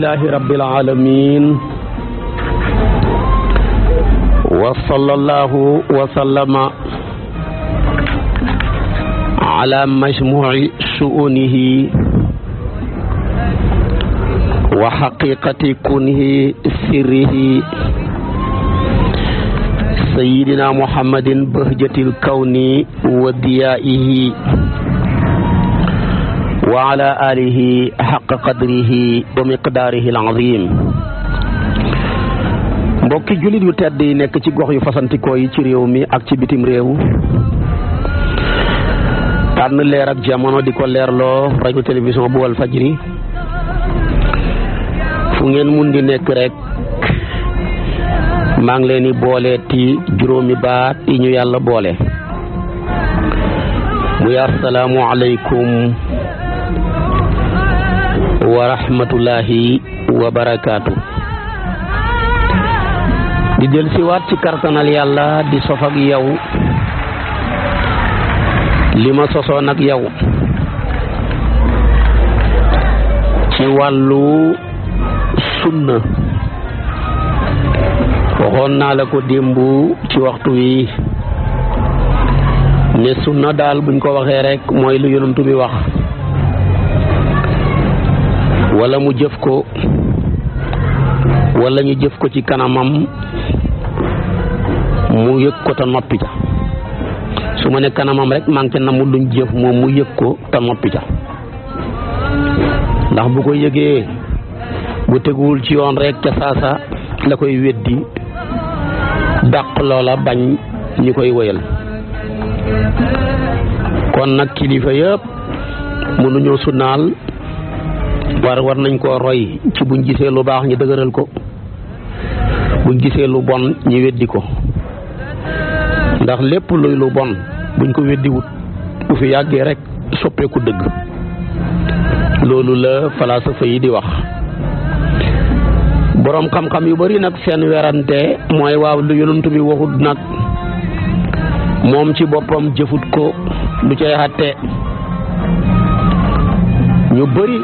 alhamdulillahi rabbil alamin wa sallallahu wa sallama ala majmuci suunihi wa xaqiqati kunhi sirrihi sayyidina muhammadin bahjatil kawni wa diyaihi wa ala alihi xaq qadrihi wa miqdaarihi alazim mbokki jullit yu tedd yi nekk ci gox yu fasantikoo yi ci réew mi ak ci bitim réew tànn leer ak jamono di ko leerloo rajo télévision bu wal fu ngeen mun di nekk rek maa ngi leen di boole ti juróomi baat yi ñu yàlla boole muy asalaamu aleykum wa rahmatullahi di jël si waat ci kartanal yàlla di sof ak yow li ma sosoon ak yow ci wàllu sunna waxoon naa la ko démb ci waxtu wi ne sunna daal buñ ko waxee rekk mooy lu yonantu bi wax wala mu jëf ko wala ñu jëf ko ci kanamam mu yëg ko te noppi ca su ma ne kanamam rek maa ngi ca luñ jëf moom mu yëg ko te noppi ja ndax bu ko yëgee bu teguwul ci yoon rek ca saasa la koy weddi dàq loola bañ ñu koy woyal kon nag kilifa yëpp mënuñoo sunnaal war war nañ koo roy ci buñ gisee lu baax ñu dëgëral ko buñ gisee lu bon ñu weddi ko ndax lépp luy lu bon buñ ko weddiwut bu fi yàggee rek soppeeku dëgg loolu la falaasafa yi di wax boroom xam-xam yu bari nag seen werante mooy waaw lu yonent bi waxut nag moom ci boppam jëfut ko lu cay xàtte ñu bari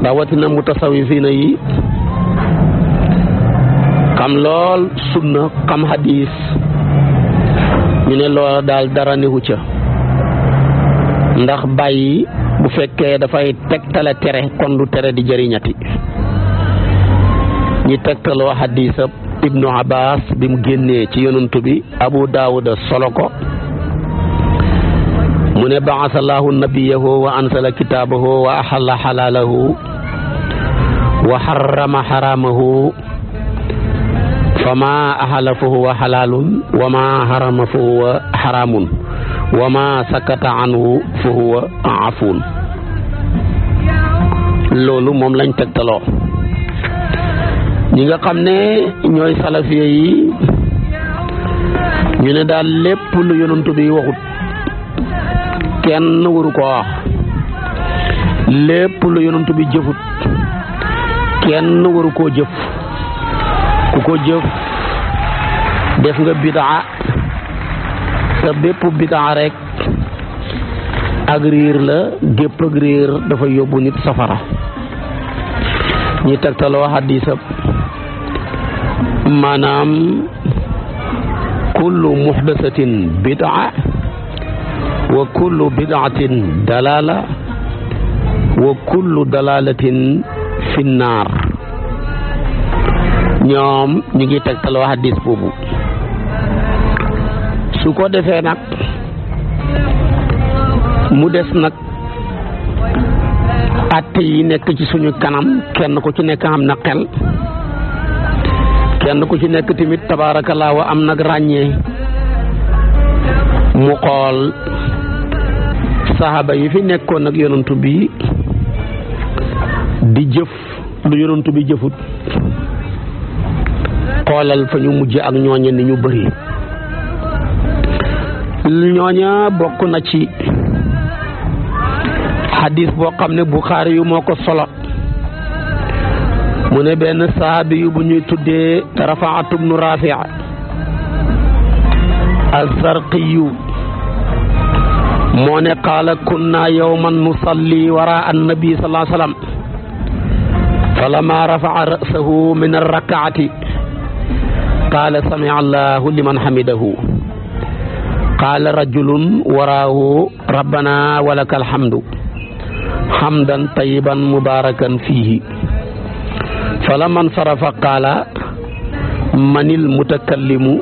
mu rawatina mutasawifiina yi xam lool na xam hadis ñu ne loola daal dara newu ca ndax bàyyi bu fekkee dafay tegtale tere kon du tere di jariñati ñi tegtaloo hadisab ibnu abbas bi mu génnee ci yonantu bi abu daawuda solo ko mu ne baasa allahu nabiyahu wa ansala kitaabahu wa axalla xalaalahu wa xarama xaraamahu fa ma fa huwa xalaalun wa ma xarama fa huwa xaraamun wa ma sakata anhu fa huwa afuun loolu moom lañ tegtaloo ñi nga xam ne ñooy salafiye yi ñu ne daal lépp lu yonantu bi waxut kenn waru koo wax lépp lu yonent bi jëfut kenn waru koo jëf ku ko jëf def nga bidaa te bépp bidaa rek ak riir la gépp ak riir dafa yóbbu nit safara ñi tegtaloo xadisab maanaam kullu muxdasatin bidaa wa kullu bidaatin dalala wa kullu dalaalatin fi ñoom ñu ngi tegtaloo diis boobu su ko defee nag mu des nag atte yi nekk ci suñu kanam kenn ku ci nekk am na xel kenn ku ci nekk tamit tabaarakallaa am nag ràññee mu xool saxaaba yi fi nekkoon ak yonantu bi di jëf lu yonantu bi jëfut xoolal fa ñu mujj ak ñooña ni ñu bëri ñooña bokk na ci xadis boo xam ne Buxaari yu moo ko solo mu ne benn saabi yu bu ñuy tuddee Rafaatu bnu Raafi al-Sarqiyu moo ne qaala kunna yawman nusalli wara annabi sallallahu alayhi wa sallam falamma rafa'a ra'sahu min arrakaati qaala sami'a allahu liman hamidahu qaala rajulun waraahu rabbana walaka alhamdu hamdan tayyiban mubarakan fihi falamma nsarafa qaala manil mutakallimu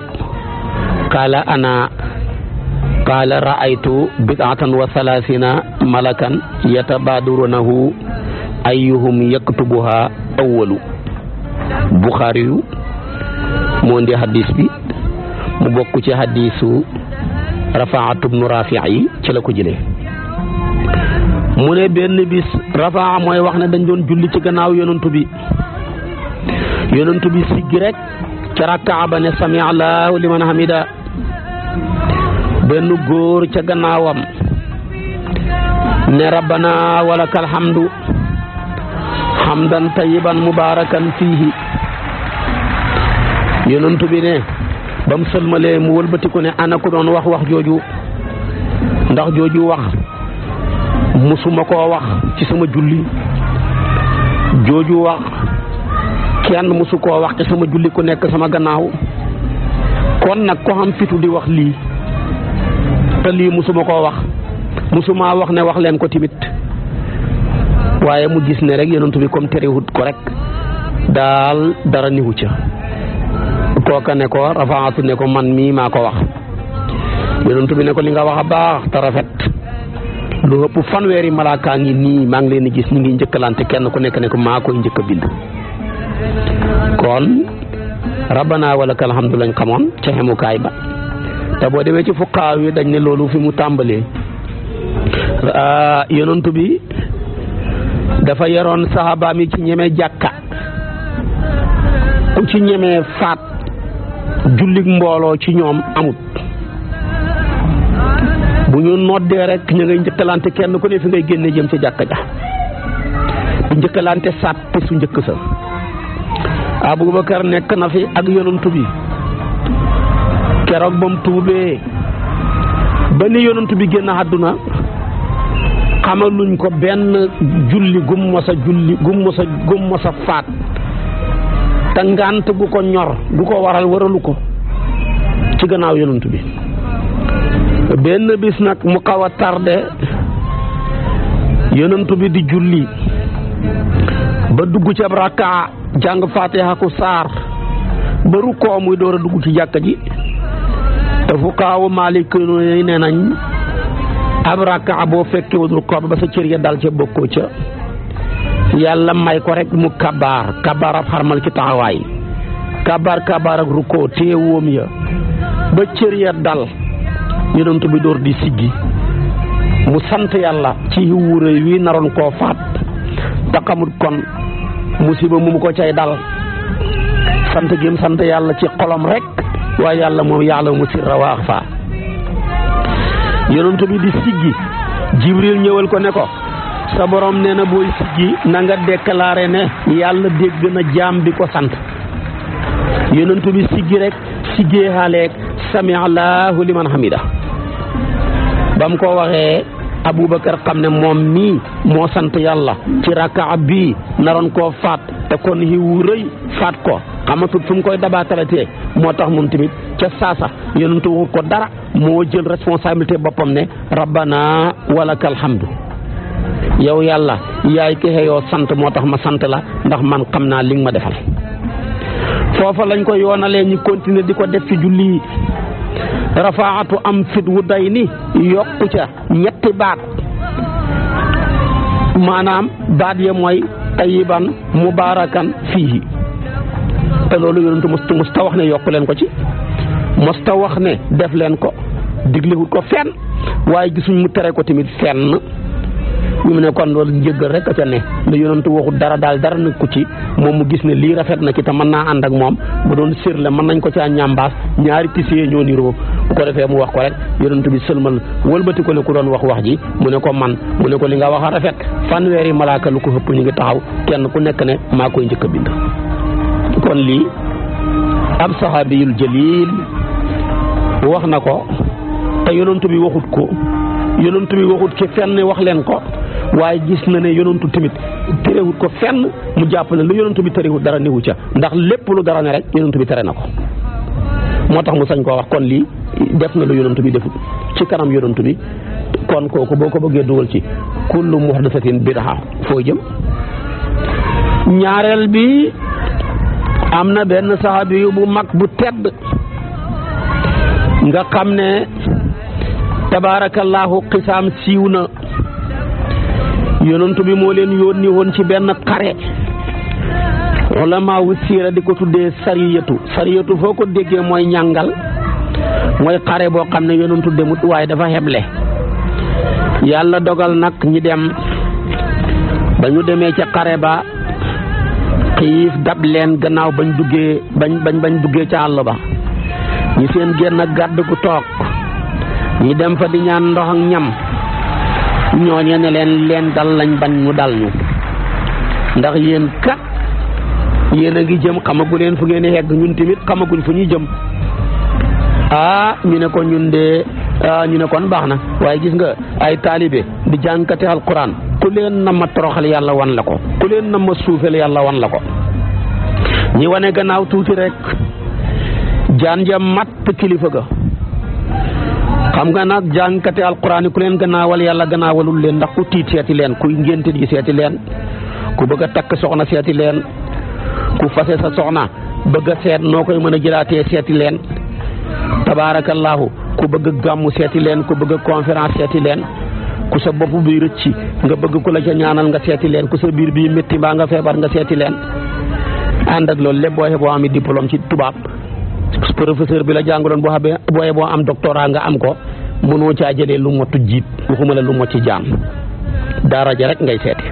qaala ana qaala raaytu bid'atan wa thalathina malakan yatabaadurunahu ayyuhum yaktubuha awwalu buxaari yu moo ndi hadis bi mu bokk ci hadisu rafaatu bnu rafi yi ci la ko jëlee mu ne benn bis rafaa mooy wax ne dañ doon julli ci gannaaw yonantu bi yonantu bi siggi rek ca rakkaa ne sami allahu liman hamida benn góor ca gannaawam ne rabbana walakal hamdu hamdan tayyiban mubarakan fiihi yonent bi ne bam sëlmalee mu wëlbatiku ne ana doon wax wax jooju ndax jooju wax musuma koo wax ci sama julli jooju wax kenn musu koo wax ci sama julli ku nekk sama gannaaw kon nag ko xam fitu di wax lii te lii musuma koo wax musuma wax ne wax leen ko timit waaye mu gis ne rek yonent bi comme terewut ko rek daal dara niwu ca kooka ne ko rafaatu ne ko man mii maa ko wax yonent bi ne ko li nga wax a baax te rafet lu ëpp fanweeri malaakaa ngi nii maa ngi leen di gis ñu ngi njëkkalante kenn ku nekk ne ko maa koy njëkk a bind kon rabbana walakal hamdu lañ xamoon ca xemukaay ba te boo demee ci fuqaaw yi dañ ne loolu fi mu tàmbalee ah, yonent bi dafa yaroon saxaabaam yi ci ñeme jàkka ku ci ñeme faat jullik mbooloo ci ñoom amut bu ñu noddee rek ñu ngay njëkkalante kenn ku ne fi ngay génne jëm ci jàkka ja bu njëkkalante sàtte su njëkk sa Abubakar nekk na fi ak yonent bi keroog ba mu tuubee ba ni yonent bi génn àdduna xamaluñ ko benn julli gum mos a julli gum a faat te ngànt gu ko ñor gu ko waral waralu ko ci gannaaw yonent bi benn bis nag mu kaw a tardé yonent bi di julli ba dugg ca ab rakka jàng faatiha ku saar ba rukkoo muy door a dugg ci jàkka ji te fuqaawu Maalik ne nañ ab rakka boo fekkee wudul koor ba sa cër ya dal ca bokkoo ca yàlla may ko rek mu kabaar kabaar ab xarmal ci taxawaay kabaar kabaar ak rukkoo teewoom ya ba cër ya dal yonent bi door di siggi mu sant yàlla ci wuure wi naroon koo faat te xamut kon musiba mu mu ko cay dal sant gi sant yàlla ci xolom rekk waaye yàlla moom yaalamu sirra wa axfa yonent bi di siggi jibril ñëwal ko ne ko sa borom nee na booy siggi na nga déclaré ne yàlla dégg na jaam bi ko sant yonent bi siggi rek siggee xaaleeg sami allahu liman hamida ba mu ko waxee aboubacar xam ne moom mii moo sant yàlla ci rakka bi naroon koo faat te kon xiwu rëy faat ko xamatut fu mu koy dabaatalatee moo tax moom tamit ca saasa yonentu waxut ko dara moo jël responsabilité boppam ne rabbana walakal hamdu yow yàlla yaay ki sant moo tax ma sant la ndax man xam naa li nga ma defal foofa lañ ko yoonalee ñu continuer di ko def ci julli rafaatu am fit wu day ni yokku ca ñetti baat maanaam baat ya mooy tayiban mubarakan fiihi te loolu yonentu mos mos ta wax ne yokk leen ko ci mos ta wax ne def leen ko digle diglewul ko fenn waaye gisuñ mu tere ko tamit fenn mu ne kon loolu njëggal rek a ca ne lu yonentu waxul dara daal dara nag ko ci moom mu gis ne lii rafet na ci te mën naa ànd moom bu doon sér la mën nañ ko caa ñambaas ñaari pisiye ñoo niroo ko defee mu wax ko rek yonentu bi sëlmal wëlbati ko ne ku doon wax wax ji mu ne ko man mu ne ko li nga wax a rafet fanweeri malaaka lu ko xëpp ñu ngi taxaw kenn ku nekk ne maa koy njëkk a bind kon lii ab saxaabiyul jalil wax na ko te yonantu bi waxut ko yonantu bi waxut ki fenn wax leen ko waaye gis na ne yonantu tamit terewut ko fenn mu jàpp ne lu yonantu bi terewut dara newu ca ndax lépp lu dara ne rek yonantu tere na ko moo tax mu sañ koo wax kon lii def na lu yonantu bi defut ci kanam yonantu bi kon kooku boo ko bëggee dugal ci kullu muhdasatin bid'a foo jëm ñaareel bi am na benn saxaabi bu mag bu tedd nga xam ne tabaarakallaahu xisaam siiw na yonent bi moo leen yónni woon ci benn xare ulama wu siira di ko tuddee sariyatu sariyatu foo ko déggee mooy ñàngal mooy xare boo xam ne yonentu demut waaye dafa xeble yàlla dogal nag ñi dem ba ñu demee ca xare ba xiif dab leen gannaaw bañ duggee bañ bañ bañ duggee ca àll ba ñi seen génn gàdd gu toog ñi dem fa di ñaan ndox ñam ñooñe ne leen leen dal lañ bañ mu dal ñu ndax yéen kat yéen a ngi jëm xamagu leen fu ngeen yegg ñun tamit xamaguñ fu ñuy jëm ah ñu ne ko ñun de ah, ñu ne kon baax na waaye gis nga ay taalibe di jàngkati alquran ku leen na toroxal yàlla wan la ko ku leen na ma yàlla wan la ko ñi wane gannaaw tuuti rek jaan ja matt kilifa ga xam nga nag jàngkati alquran yi ku leen gannaawal yàlla gannaawalul leen ndax ku tiit seeti leen kuy ngénte ji seeti leen ku bëgg takk soxna seeti leen ku fase sa soxna bëgg seet noo koy mën a jëlaatee seeti leen tabaarakallaahu ku bëgg a seeti leen ku bëgg a seeti leen ku sa bopp bi ci nga bëgg ko la ca ñaanal nga seeti leen ku biir bii métti mbaa nga feebar nga seeti leen ànd ak loolu lépp boo xee boo amee diplôme ci tubaab professeur bi la jàngaloon boo xamee boo boo am doctorat nga am ko mënoo caa jëlee lu motu jiit waxuma la lu mot ci jaam daara ja rek ngay seeti.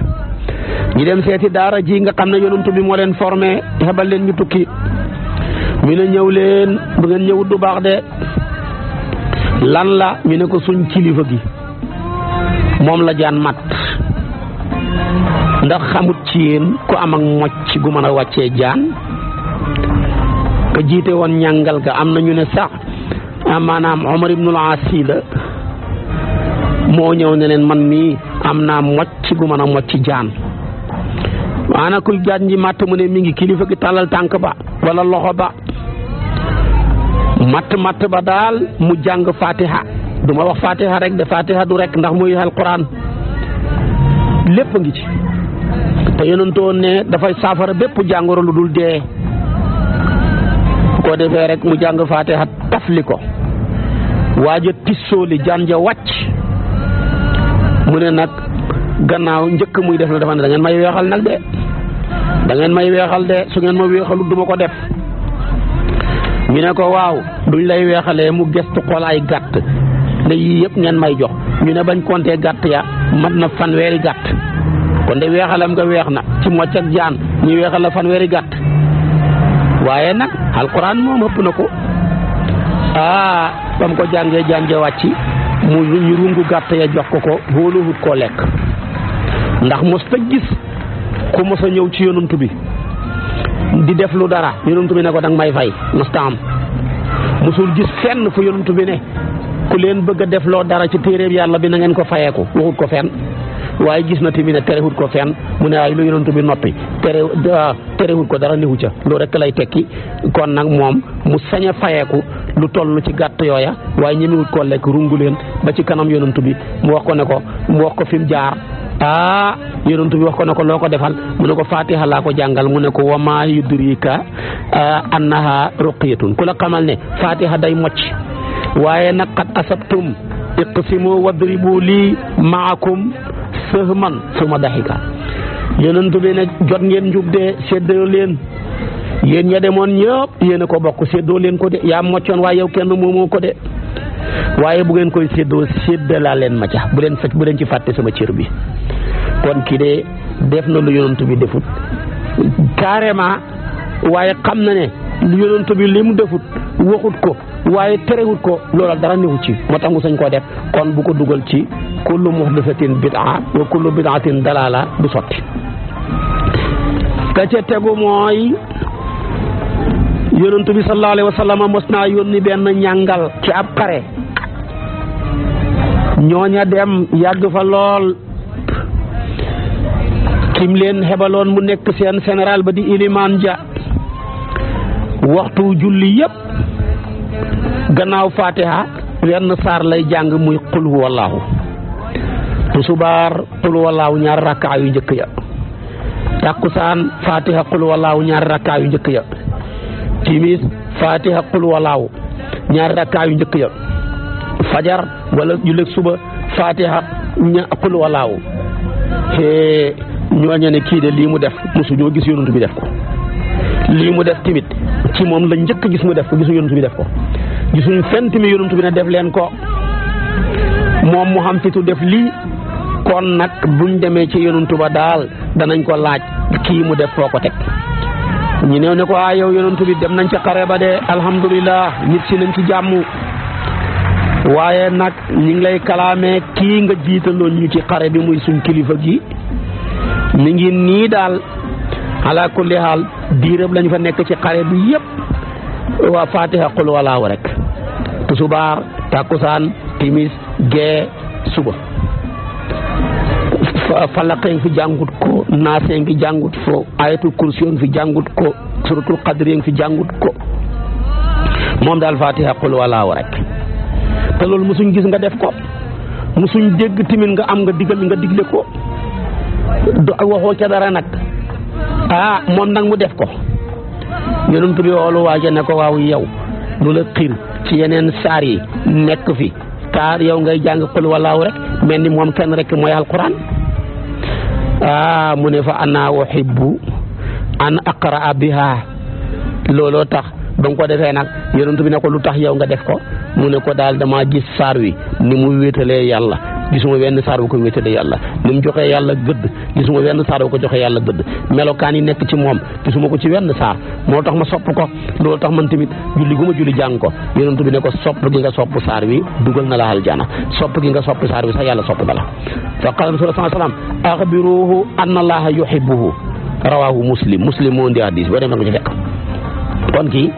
ñi dem seeti daara ji nga xam ne yonent bi moo leen formé xebal leen ñu tukki mi ne ñëw leen bu ngeen ñëwut du baax de lan la ñu ne ko suñ kilifa gi. moom la jaan mat ndax xamut ci ku am ak mocc gu mën a wàccee jaan ka jiite woon ñàngal ga am na ñu ne sax ah, maanaam Omar ibnul Aasi la moo ñëw ne leen man mii am naa mocc gu mën a mocc jaan ana kuy jaan ji matt mu ne mi ngi kilifa gi tàllal tànk ba wala loxo ba matt matt ba daal mu jàng fatiha du ma wax fatiha rek de fatiha rek ndax muy alquran lépp a ngi ci te yonent woon ne dafay saafara bépp jàngoro lu dul dee ko defee rek mu jàng fatiha tafli ko waaj a tissooli jaan ja wàcc mu ne nag gannaaw njëkk muy def na dafa ne da may weexal nag de da may weexal de su ngeen ma weexalut duma ko def ñu ne ko waaw duñ lay weexalee mu gestu xol gàtt ne yii yëpp ngeen may jox ñu ne bañ compter gàtt ya mat na fanweeri gàtt kon de weexalam nga weex na ci mocc ñu weexal la fanweeri gàtt waaye nag alquran moom ëpp ko aa ba mu ko jàngee jaan ja jox ko ko hóoluhut koo lekk ndax mos ta ñëw ci yonantu di def lu dara yonantu bi ko danga may fay mos mosul gis fenn fu yonantu bi ne ku leen bëgg a loo dara ci téeréeb yàlla bi na ngeen ko fayeeku waxut ko fenn waaye gis na tamit ne terewut ko fenn mu ne waaye lu yonent bi noppi tere ah, terewut ko dara newu ca loolu rek lay tekki kon nag moom mu sañ a fayeeku lu toll ci gàtt yooya waaye ñemewut ko lekk rungu leen ba ci kanam yonent bi mu wax ko ne ko mu wax ko fi jaar ah yonent bi wax ko ne ko loo ko defal mu ne ko fatiha laa ko jàngal mu ne ko wama yudrika ah, annaha ruqyatun ku la xamal ne fatiha waaye nag qad asabtum iqsimu wadribu lii maakum sëhman suma daxika yonent bi ne jot ngeen njub de séddoo leen yéen ña demoon ñëpp yéen ko bokk séddoo leen ko de yaa moccoon waaye yow kenn moomoo ko de waaye bu ngeen koy séddoo séddalaa leen ma ca bu leen fa bu leen ci fàtte sama cër bi kon kii de def na lu yonent bi defut carrément waaye xam na ne lu yonent bi li mu defut waxut ko waaye terewut ko loola dara newu ci moo tax mu sañ koo def kon bu ko dugal ci kullu muhdasatin bid'a wa kullu bid'atin dalala du sotti ka ca tegu mooy yonentu bi sallallahu alayhi wa mos naa yónni benn ñàngal ci ab pare ñooña dem yàgg fa lool kim leen xebaloon mu nekk seen général ba di ilimaan ja waxtu julli yëpp gannaaw fatiha wenn saar lay jàng muy qul huwallaahu tusubaar qul huwallaahu ñaar yu njëkk ya takkusaan fatiha qul huwallaahu ñaar yu njëkk ya timis fatiha qul huwallaahu ñaar yu njëkk ya fajar wala jullit suba fatiha ña qul huwallaahu ñooñe ne kii de lii mu def mosu ñoo gis yonent bi def ko lii mu def timit ci moom la njëkk gis mu def ko gisuñu yonent bi def ko gisuñu fenn timit yonent bi ne def leen ko moom mu xam fitu def lii kon nag buñ demee ci yonent ba daal danañ ko laaj kii mu def foo ko teg ñu néew ne ko ah yow yonent bi dem nañ ci xare ba de alhamdulilah nit si nañ ci jàmm waaye nag ñu ngi lay kalaamee kii nga jiitaloon ñu ci xare bi muy suñ kilifa gi mi ngi nii daal ala kulli haal diiram lañu fa nekk ci xare bi yëpp waa Fatiha qul walaaw rek tisbaar takkusaan timis gee suba falaqeen fi jàngut ko naaseen fi jàngut ko ayatul kursiyoon fi jàngut ko suratul qadriyeen fi jàngut ko moom daal Fatiha qul walaaw rek te loolu musuñ gis nga def ko musuñ dégg timin nga am nga digal nga digle ko do waxoo ca dara nag ah moom nag mu def ko yonent bi woolu waaja ne ko waaw yow lu la xiir ci yeneen saar yi nekk fi taar yow ngay jàng xul walaaw rek mel ni moom kenn rek mooy alquran ah mu ne fa ana uhibbu an aqraa biha looloo tax ba nga ko defee nag yonent bi ne ko lu tax yow nga def ko mu ne ko daal dama gis saar wi ni mu wéetalee yàlla gisuma wenn saar wu ko wéetale yàlla ni mu joxee yàlla gëdd gisuma wenn saar wu ko joxee yàlla gëdd melokaan yi nekk ci moom gisuma ko ci wenn saar moo tax ma sopp ko loolu tax man tamit julli gu ma julli jàng ko yonent bi ne ko sopp gi nga sopp saar wi dugal na la aljana sopp gi nga sopp saar wi sax yàlla sopp na la fa qala rasul sallallahu alayhi wasallam axbiruhu anna allaha yuhibbuhu rawahu muslim muslim moo ndi hadis boo demee nga ci fekk kon kii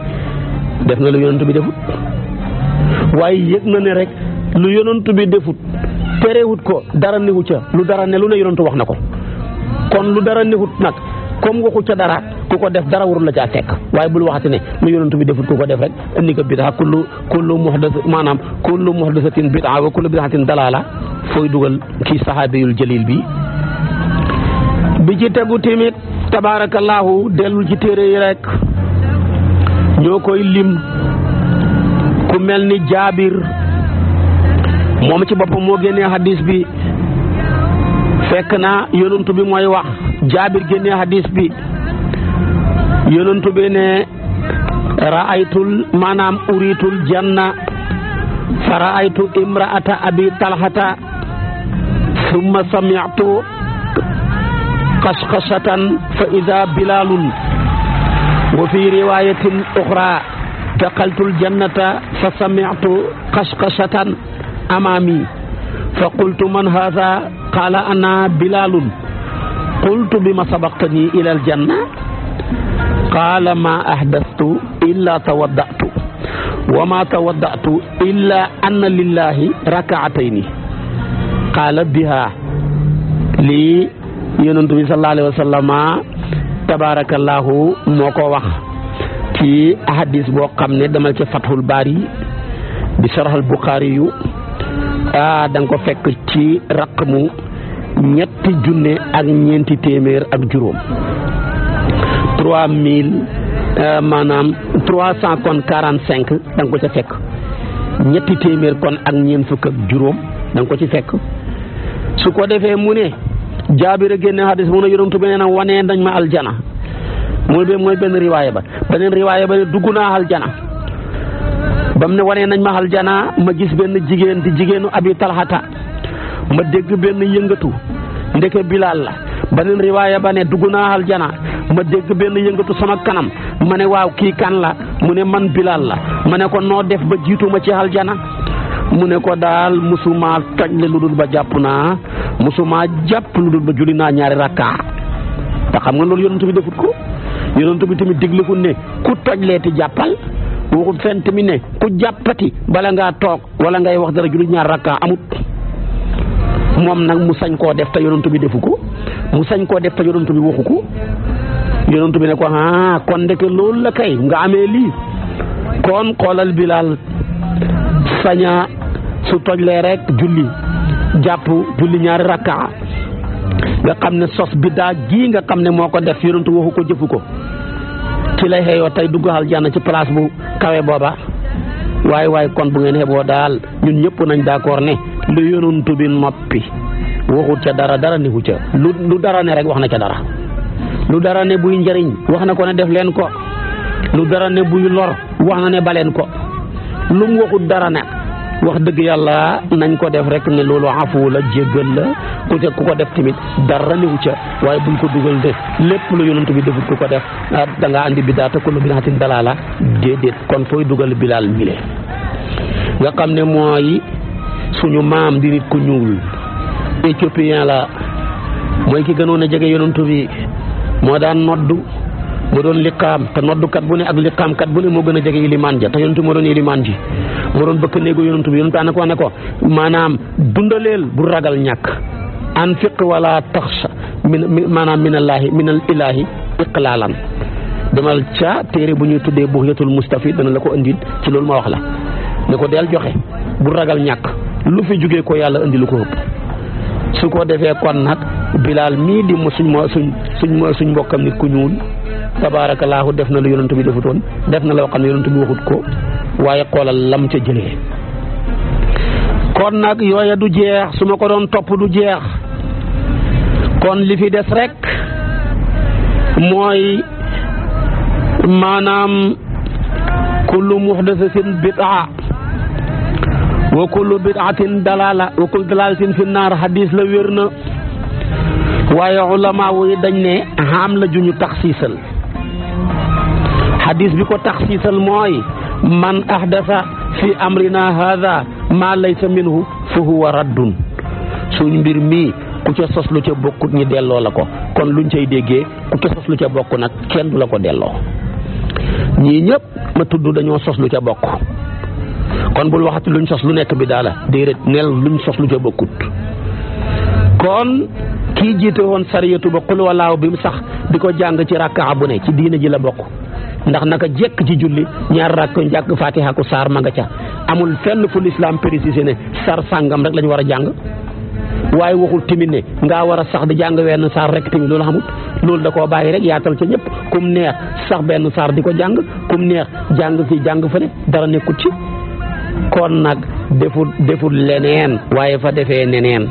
def na lu yonent bi defut waaye yëg na ne rek lu yonent bi defut terewut ko dara newu ca lu dara ne lu ne yonentu wax na ko kon lu dara newut nag comme waxu ca dara ku ko def dara warul la caa fekk waaye bul waxati ne lu yonent bi defut ku ko def rek indi ko bid'a kullu kullu muhdas maanaam kullu muhdasatin bid'a wa kullu bid'atin dalala fooy dugal kii sahabiyul jalil bi bi ci tegu tamit tabaarakallaahu dellul ci téere yi rek ñoo koy lim ku mel ni jaabir moom ci boppam moo génnee hadis bi fekk na yonent bi mooy wax jaabir génnee hadis bi yonent bi ne ra'aytul maanaam uritul janna fa ra'aytu imra'ata abi talhata summa sami'tu qashqashatan fa idha bilalun wa fi riwayatin ukhra daqaltul jannata fa sami'tu qashqashatan amaami fa qultu man haada qaala ana bilaalun qultu bi ma sabaqtani ila aljanna qaala ma ahdastu illa tawaddatu wa ma tawaddatu illa anna lillahi rakaatayni qaala biha lii yonent bi sallallahu alayhi wa sallama tabarakallahu moo ko wax ci hadis boo xam ne dama ci fathul baari bi sarhal buxaari yu Musa da nga ko fekk ci raqmu ñetti junne ak ñeenti téeméer ak juróom trois mille euh, maanaam trois cent kon quarante cinq da ko ca fekk ñetti téeméer kon ak ñeent fukk ak juróom da ko ci fekk su ko defee mu ne jaabir a génne hadis mu ne yonent bi nee na wanee nañ ma aljana mooy benn mooy benn riwaaya ba beneen riwaaya ba ne dugg naa aljana bam ne wanee nañ ma aljana ma gis benn jigéen di jigéenu abi talxata ma dégg benn yëngatu ndeke bilaal la beneen riwaaya ba ne dugg naa aljana ma dégg benn yëngatu sama kanam ma ne waaw kii kan la mu ne man bilaal la ma ne ko noo def ba jiituma ci aljana mu ne ko daal musuma toj le lu dul ba jàpp naa musuma jàpp lu dul ba julli naa ñaari rakka te xam nga loolu yonent bi defut ko yonent bi tamit digle ko ku toj leeti jàppal waxul fenn tamit ne ku jàppati bala ngaa toog wala ngay wax dara jullit ñaar rakka amut moom nag mu sañ koo def te yonent bi defu ko mu sañ koo def te yonent bi waxu ko yonent bi ne ko ah kon ndeke loolu la kay nga amee lii kon xoolal bilaal saña su tojlee rek julli jàpp julli ñaari rakka nga xam ne sos bi daa ji nga xam ne moo ko def yonent waxu ko jëfu ko ki la xeeyoo tey dugg aljanna ci place bu kawe booba waaye waaye kon bu ngeen xeboo daal ñun ñëpp nañ d'accord ne lu yonuntu bi noppi waxut ca dara dara newu ca lu lu dara ne rek wax na ca dara lu dara ne buy njëriñ wax na ko ne def leen ko lu dara ne buy lor wax na ne baleen ko lu mu waxut dara ne wax dëgg yàlla nañ ko def rek ne loolu afu la jéggal la ku ca ku ko def tamit dara newu ca waaye buñ ko dugal de lépp lu yonent bi defut ku ko def ah, danga ngaa andi bidaa te kullu bidaatin dalaala déedéet kon fooy dugal bilaal mile nga xam ne mooy suñu maam di nit ku ñuul éthiopien la mooy ki gënoon a jege yonent bi moo daan noddu bu doon liqaam te noddukat bu ne ak liqaamkat bu ne moo gën a jege ilimaan ja te yonentu moo doon ilimaan ji moo doon bëkk néegu yonentu bi yonentu daana ko ne ko maanaam dundaleel bu ragal ñàkk anfiq wala taxsa min maanaam min allaahi min al ilaahi iqlaalan demal ca téere bu ñuy tuddee buxyatul mustafid dana la ko indi ci loolu ma wax la ne ko del joxe bu ragal ñàkk lu fi jugee ko yàlla indi lu ko ëpp su ko defee kon nag bilaal mii di suñ suñ suñ suñ mbokkam nit ku ñuul tabaarakallaahu def na lu yonent bi defutoon def na loo xam ne yonent bi waxut ko waaye xoolal lam ca jëlee kon nag yooya du jeex su ma ko doon topp du jeex kon li fi des rek mooy maanaam kullu muhdasatin bid'a wa kullu bid'atin dalaala wa kullu dalaalatin fi naar hadis la wér na waaye ulama yi dañ ne am la juñu taxsiisal xadis bi ko taxsiisal mooy man ahdasa fi amrina haada maa laysa minhu fa huwa raddun suñ mbir mii ku ca sos lu ca bokkut ñi delloo la ko kon luñ cay déggee ku ca sos lu ca bokk nag kenn du la ko delloo ñii ñëpp ma tudd dañoo sos lu ca bokk kon bul waxati luñ sos lu nekk bi daala déedéet nel luñ sos lu ca bokkut kon kii jiite woon sariyatu ba xul walaaw bi mu sax di ko jàng ci rakkaa bu ne ci diina ji la bokk ndax naka jekk ci julli ñaar rakk njàkk fatiha ko saar ma nga ca amul fenn fu l'islam précisé ne sar sàngam rek lañu war a jàng waaye waxul tamit ne ngaa war a sax di jàng wenn saar rek tamit loolu xamut loolu da koo bàyyi rek yaatal ca ñëpp kum neex sax benn saar di ko jàng kum neex jàng fii jàng fële dara nekkut ci kon nag deful deful leneen waaye fa defee neneen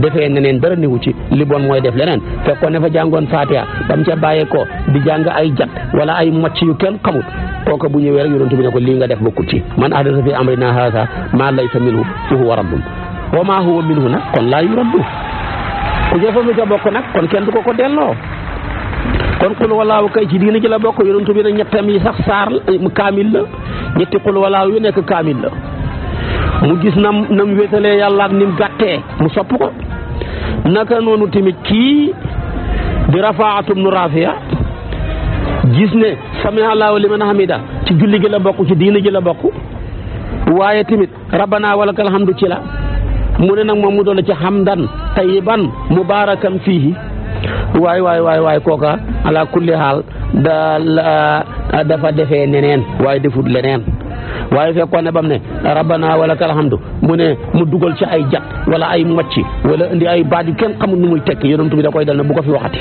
defee neneen dara niwu ci li bon mooy def leneen fekkoon ne fa jàngoon Fatiha bam ca bàyyee ko di jàng ay jat wala ay mocc yu kenn xamut kooka bu ñëwee rek yonent ne ko lii nga def bokkul ci man ahdasa fi amrina haasa ma laysa minhu fa huwa raddun wa ma huwa minhu nag kon laa yuraddu ku jëfa lu ca bokk nag kon kenn du ko ko delloo kon xul walaaw kay ci diina ji la bokk yonent bi ne ñettam yi sax saar kaamil la ñetti xul walaaw kaamil la mu gis nam nam wéetalee yàlla ak nim gàttee mu sopp ko naka noonu tamit kii di rafaatum nu raafiya gis ne sami allahu liman hamida ci julli la bokk ci diina ji la bokk waaye tamit rabbana walakal hamdu ci la mu ne nag moom mu doole ci hamdan tayiban mubarakan fiihi fii waay waay waay kooka ala kulli haal daal dafa defee neneen waaye defut leneen waaye fekkoon ne bam ne rabbana wala kal hamdu mu ne mu dugal ci ay jat wala ay mocci wala indi ay baat yu kenn xamul nu muy tekki yonent bi da koy dal na bu ko fi waxati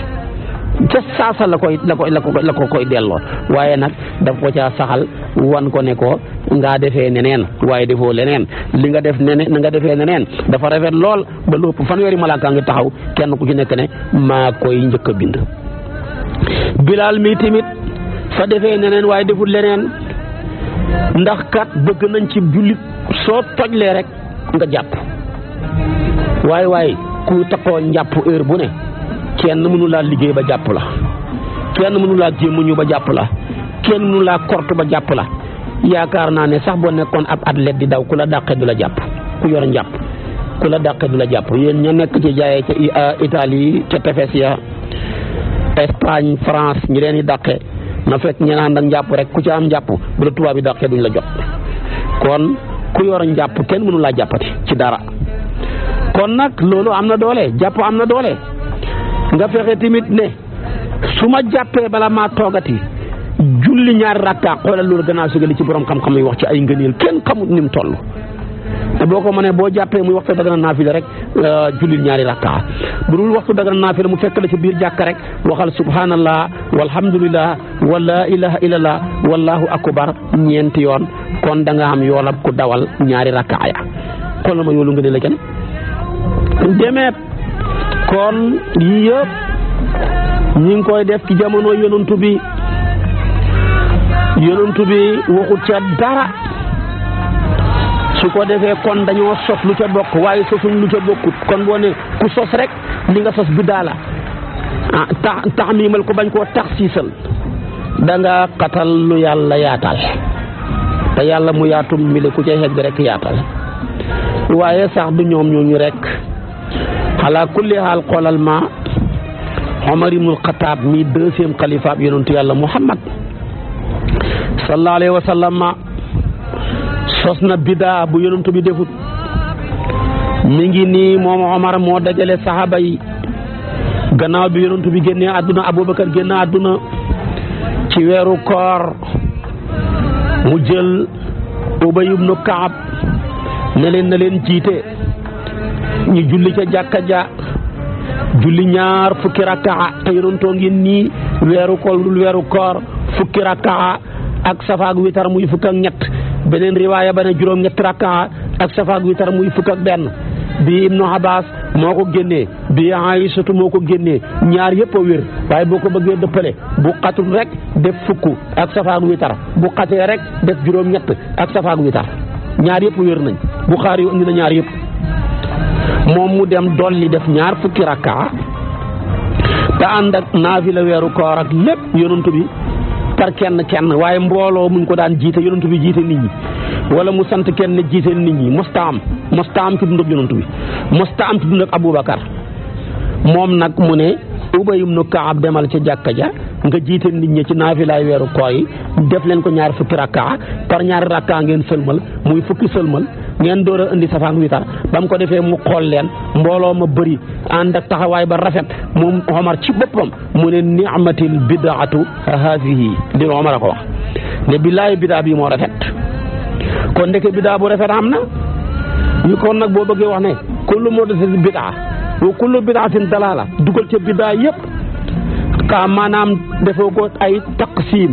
ca saasa la koy la koy la ko koy delloo waaye nag daf ko caa saxal wan ko ne ko ngaa defee neneen waaye defoo leneen li nga def neneen na nga defee neneen dafa rafet lool ba lu ëpp fanweeri malaaka ngi taxaw kenn ku ci nekk ne maa koy njëkk a bind. Bilaal mi tamit fa defee neneen waaye deful leneen. ndax kat bëgg nañ ci jullit soo tojlee rek nga jàpp waaye waaye ku taxoo njàpp heure bu ne kenn mënu laa liggéey ba jàpp la kenn mënu laa jéemuñu ba jàpp la kenn mënu laa kortu ba jàpp la yaakaar naa ne sax boo nekkoon at athlète di daw ku la dàqee du la jàpp ku yor njàpp ku la dàqee du la jàpp yéen ña nekk ci jaaye ca euh, Italie ca tefes ya Espagne France ñi leen di dàqee na fekk ñeen ànd ak njàpp rek ku ci am njàpp bu la tubaab yi duñ la jot kon ku yor njàpp kenn mënu laa jàppati ci dara kon nag loolu am na doole jàpp am na doole nga fexe tamit ne su ma jàppee bala maa toogati julli ñaari rakka xoolal loolu gannaaw suga li ci borom xam-xam yi wax ci ay ngëneel kenn xamut ni mu toll te boo ko mënee boo jàppee muy waxtu dagana naafila rek euh, jullil ñaari rakka bu dul waxtu dagana naafila mu fekk la ci biir jàkka rek waxal subhanallah walhamdulillah wala ilaha illallah wallahu akbar ñeenti yoon kon danga nga am yoolab ku dawal ñaari rakka ya kon la ma yoolu nga ne demeet kon yii yëpp ñi ngi koy def ci jamono yonantu bi yonantu bi dara su ko defee kon dañoo sos lu ca bokk waaye sosuñ lu ca bokkut kon boo ne ku sos rek li nga sos bi daala ah tax tax miimal ko bañ koo tax siisal da nga xatal lu yàlla yaatal te yàlla mu yaatum mi ku ca xegg rek yaatal waaye sax du ñoom ñooñu rek xalaa kulli xaal xoolal ma Omar ibnul Xataab mi deuxième xalifaab yonentu yàlla Muhammad sallallahu alayhi wa sos na bidaa bu yonent bi defut mi ngi nii moom Omar moo dajale saxaaba yi gannaaw bi yonent bi génnee àdduna Aboubacar génne àdduna ci weeru koor mu jël Ubay ibnu Kaab ne leen jiite ñu julli ca jàkka ja julli ñaar fukki rakkaa te yonentoo ngi nii weeru koor dul weeru koor fukki rakkaa ak safaak witar muy fukk ak ñett beneen riwaaya ba ne juróom-ñetti rakka ak safaak witar muy fukk ak benn bi Ibnu Abbas moo ko génnee bi Aysatu moo ko génnee ñaar yëpp a wér waaye boo ko bëggee dëppale bu xatul rek def fukk ak safaak witar bu xatee rek def juróom-ñett ak safaak witar ñaar yëpp wér nañ Buxaari yu indi ñaar yëpp moom mu dem dolli def ñaar fukki rakka te ànd ak naafila weeru koor ak lépp yonantu bi par kenn kenn waaye mbooloo mu ngi ko daan jiite yonent bi jiite nit ñi wala mu sant kenn jiite nit ñi mustaam mustaam ci dund ak yonent bi mustaam ci moom nag mu ne Ubay ibnu Kaab demal ca jàkka ja nga jiite nit ñi ci naafilaay weeru koo yi def leen ko ñaari fukki rakkaa par ñaari rakkaa ngeen sëlmal muy fukki sëlmal ngeen door a indi safaan witar ba ko defee mu xool leen mbooloo ma bëri ànd ak taxawaay ba rafet moom Omar ci boppam mu ne ni'matil bidaatu haadihi di Omar a ko wax ne billaay bidaa bi moo rafet kon ndeke bidaa bu rafet am na ñu kon nag boo bëggee wax ne kullu muhdasatin bidaa wa kullu bidaatin dalaala dugal ca bidaa yëpp ka maanaam defoo ko ay taqsiim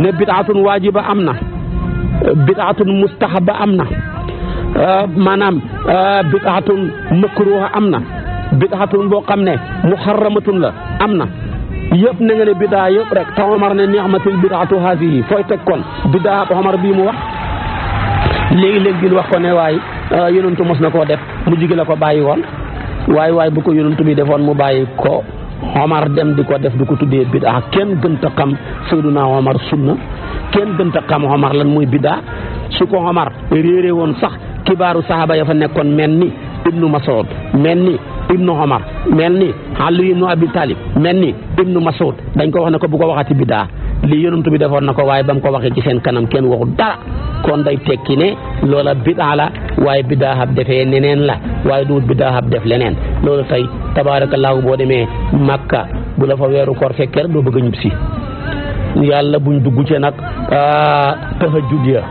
ne bidaatun waajiba am na bidaatun mustahaba am na Euh, maanaam euh, bidaatun makruha am na bidaatun boo xam ne muharramatun la am na yëpp na nga ne bidaa yëpp rek neex Omar ne ni'matul bidaatu haasihi fooy teg kon bidaa Omar bii mu wax léegi léegi gin wax ko ne waay euh, yonantu mos na koo def mu jigi la ko bàyyi woon waay waay bu ko yonantu bi defoon mu bàyyi ko Omar dem di ko def du ko tuddee bidaa kenn gën a xam Seyduna Omar sunna kenn gën a xam Omar lan mooy bidaa su ko Omar réeré woon sax kibaaru saxaaba ya fa nekkoon mel ni ibnu Masoud mel ni ibnu Omar mel ni Ali ibnu Abi Talib mel ni ibnu Masoud dañ ko wax ne ko bu ko waxati bidaa lii yonent bi defoon na ko waaye ba mu ko waxee ci seen kanam kenn waxu dara kon day tekki ne loola bidaa la waaye bidaa hab defee neneen la waaye duut bidaa hab def leneen loolu tey tabaarakallaahu boo demee Makka bu la fa weeru koor fekkee rek doo bëgg a ñibbisi yàlla buñ dugg ci nag ah, tahajjud ya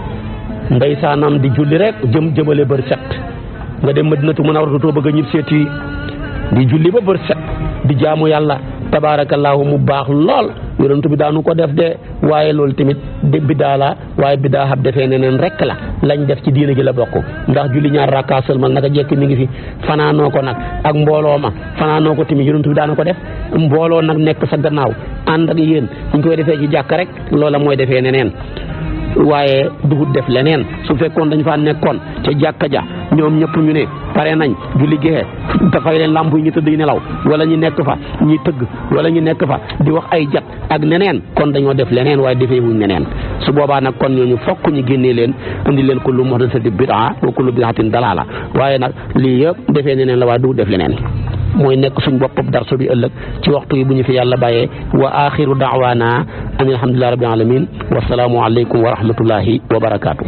ngay di julli rek jëm jëmale bër set nga dem madinatu na dootoo bëgg a ñib seeti di julli ba bër set di jaamu yàlla tabaarakallaahu mu baax lool yonent bi daanu ko def de waaye loolu tamit de biddaa la waaye biddaa defe ne neen rek la lañ def ci diina gi la bokk ndax julli ñaar rakka sëlmal a jekk mi ngi fi fanaanoo ko nag ak mbooloo ma fanaanoo ko tamit yonent bi daanu ko def mbooloo nag nekk sa gannaaw ànd ak yéen ñu koy defee ci jàkk rek loola mooy defee neneen waaye dugut def leneen su fekkoon dañ faa nekkoon ca jàkka ja ñoom ñëpp ñu ne pare nañ ju liggéeyee dafay leen làmp yi ñu tëdd yi nelaw wala ñu nekk fa ñu tëgg wala ñu nekk fa di wax ay jat ak neneen kon dañoo def leneen waaye defee wuñ neneen su boobaa nag kon ñu fokk ñu génnee leen indi leen lu kullu muhdasatin bid'a wa kullu dalaa la waaye nag lii yëpp defee neneen la waaye dugut def leneen mooy nekk suñ boppam darsu bi ëllëg ci waxtu yi bu ñu fi yàlla bàyyee wa axiru daawaana an alhamdulilah rabbil alamin wasalaamu aleykum wa rahmatullahi wa barakaatu